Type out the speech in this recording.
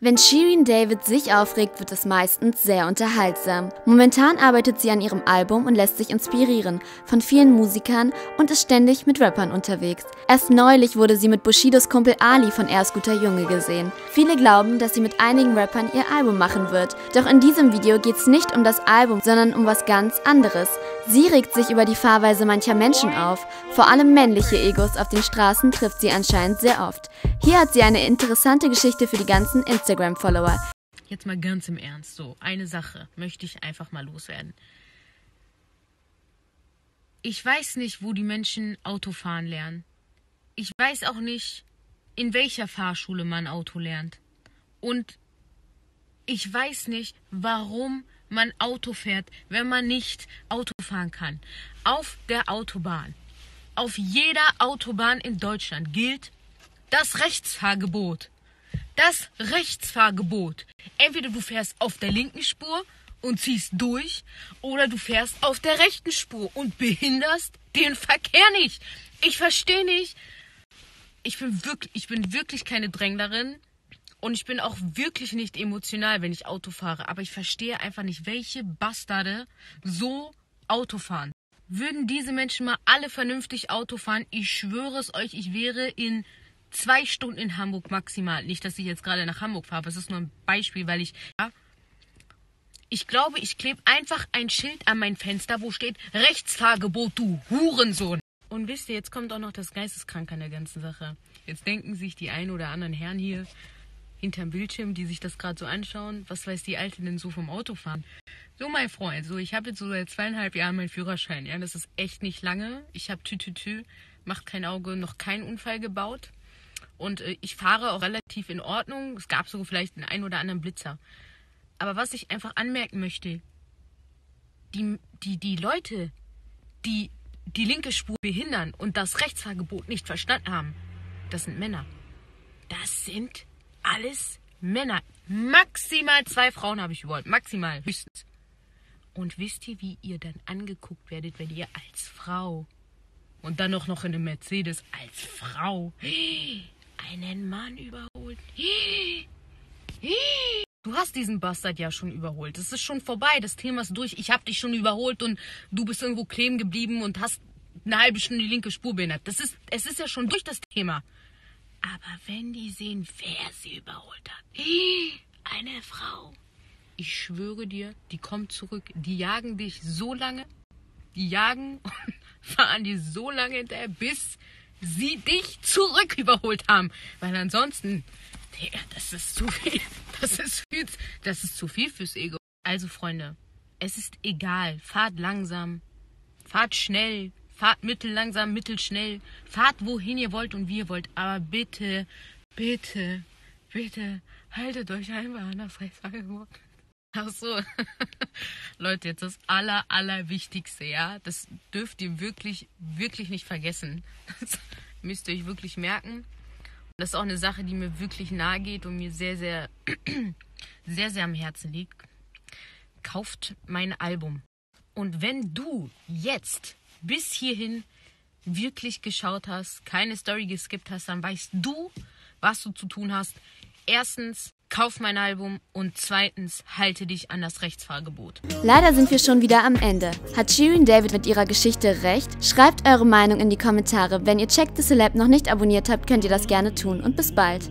Wenn Shirin David sich aufregt, wird es meistens sehr unterhaltsam. Momentan arbeitet sie an ihrem Album und lässt sich inspirieren von vielen Musikern und ist ständig mit Rappern unterwegs. Erst neulich wurde sie mit Bushidos Kumpel Ali von Erst guter Junge gesehen. Viele glauben, dass sie mit einigen Rappern ihr Album machen wird. Doch in diesem Video geht es nicht um das Album, sondern um was ganz anderes. Sie regt sich über die Fahrweise mancher Menschen auf. Vor allem männliche Egos auf den Straßen trifft sie anscheinend sehr oft. Hier hat sie eine interessante Geschichte für die ganzen Instagram Instagram-Follower. Jetzt mal ganz im Ernst, so eine Sache möchte ich einfach mal loswerden. Ich weiß nicht, wo die Menschen Autofahren lernen. Ich weiß auch nicht, in welcher Fahrschule man Auto lernt. Und ich weiß nicht, warum man Auto fährt, wenn man nicht Auto fahren kann. Auf der Autobahn, auf jeder Autobahn in Deutschland gilt das Rechtsfahrgebot das Rechtsfahrgebot. Entweder du fährst auf der linken Spur und ziehst durch oder du fährst auf der rechten Spur und behinderst den Verkehr nicht. Ich verstehe nicht. Ich bin wirklich, ich bin wirklich keine Dränglerin und ich bin auch wirklich nicht emotional, wenn ich Auto fahre. Aber ich verstehe einfach nicht, welche Bastarde so Auto fahren. Würden diese Menschen mal alle vernünftig Auto fahren, ich schwöre es euch, ich wäre in zwei Stunden in Hamburg maximal. Nicht, dass ich jetzt gerade nach Hamburg fahre, aber es ist nur ein Beispiel, weil ich. Ja, ich glaube, ich klebe einfach ein Schild an mein Fenster, wo steht Rechtsfahrgebot, du Hurensohn. Und wisst ihr, jetzt kommt auch noch das Geisteskrank an der ganzen Sache. Jetzt denken sich die ein oder anderen Herren hier hinterm Bildschirm, die sich das gerade so anschauen, was weiß die Alte denn so vom Autofahren? So, mein Freund, so ich habe jetzt so seit zweieinhalb Jahren meinen Führerschein. Ja, das ist echt nicht lange. Ich habe tü tü tü, macht kein Auge, noch keinen Unfall gebaut. Und äh, ich fahre auch relativ in Ordnung. Es gab sogar vielleicht den einen oder anderen Blitzer. Aber was ich einfach anmerken möchte, die, die, die Leute, die die linke Spur behindern und das Rechtsfahrgebot nicht verstanden haben, das sind Männer. Das sind alles Männer. Maximal zwei Frauen habe ich überhaupt. Maximal, höchstens. Und wisst ihr, wie ihr dann angeguckt werdet, wenn ihr als Frau und dann auch noch in einem Mercedes als Frau. Einen Mann überholt. Du hast diesen Bastard ja schon überholt. Es ist schon vorbei. Das Thema ist durch. Ich habe dich schon überholt und du bist irgendwo kleben geblieben und hast eine halbe Stunde die linke Spur behindert. Das ist, es ist ja schon durch das Thema. Aber wenn die sehen, wer sie überholt hat, eine Frau. Ich schwöre dir, die kommt zurück. Die jagen dich so lange. Die jagen fahren die so lange hinterher, bis sie dich zurück überholt haben. Weil ansonsten, das ist zu viel. Das ist viel, das ist zu viel fürs Ego. Also Freunde, es ist egal. Fahrt langsam, fahrt schnell, fahrt mittellangsam, mittelschnell, fahrt wohin ihr wollt und wie ihr wollt. Aber bitte, bitte, bitte, haltet euch einfach an das Rechtsangebot. Ach so. Leute, jetzt das aller, allerwichtigste, ja. Das dürft ihr wirklich, wirklich nicht vergessen. Das müsst ihr euch wirklich merken. Und das ist auch eine Sache, die mir wirklich nahe geht und mir sehr, sehr, sehr, sehr am Herzen liegt. Kauft mein Album. Und wenn du jetzt bis hierhin wirklich geschaut hast, keine Story geskippt hast, dann weißt du, was du zu tun hast. Erstens, kauf mein Album und zweitens halte dich an das Rechtsfahrgebot. Leider sind wir schon wieder am Ende. Hat Shirin David mit ihrer Geschichte recht? Schreibt eure Meinung in die Kommentare. Wenn ihr Check the Celeb noch nicht abonniert habt, könnt ihr das gerne tun und bis bald.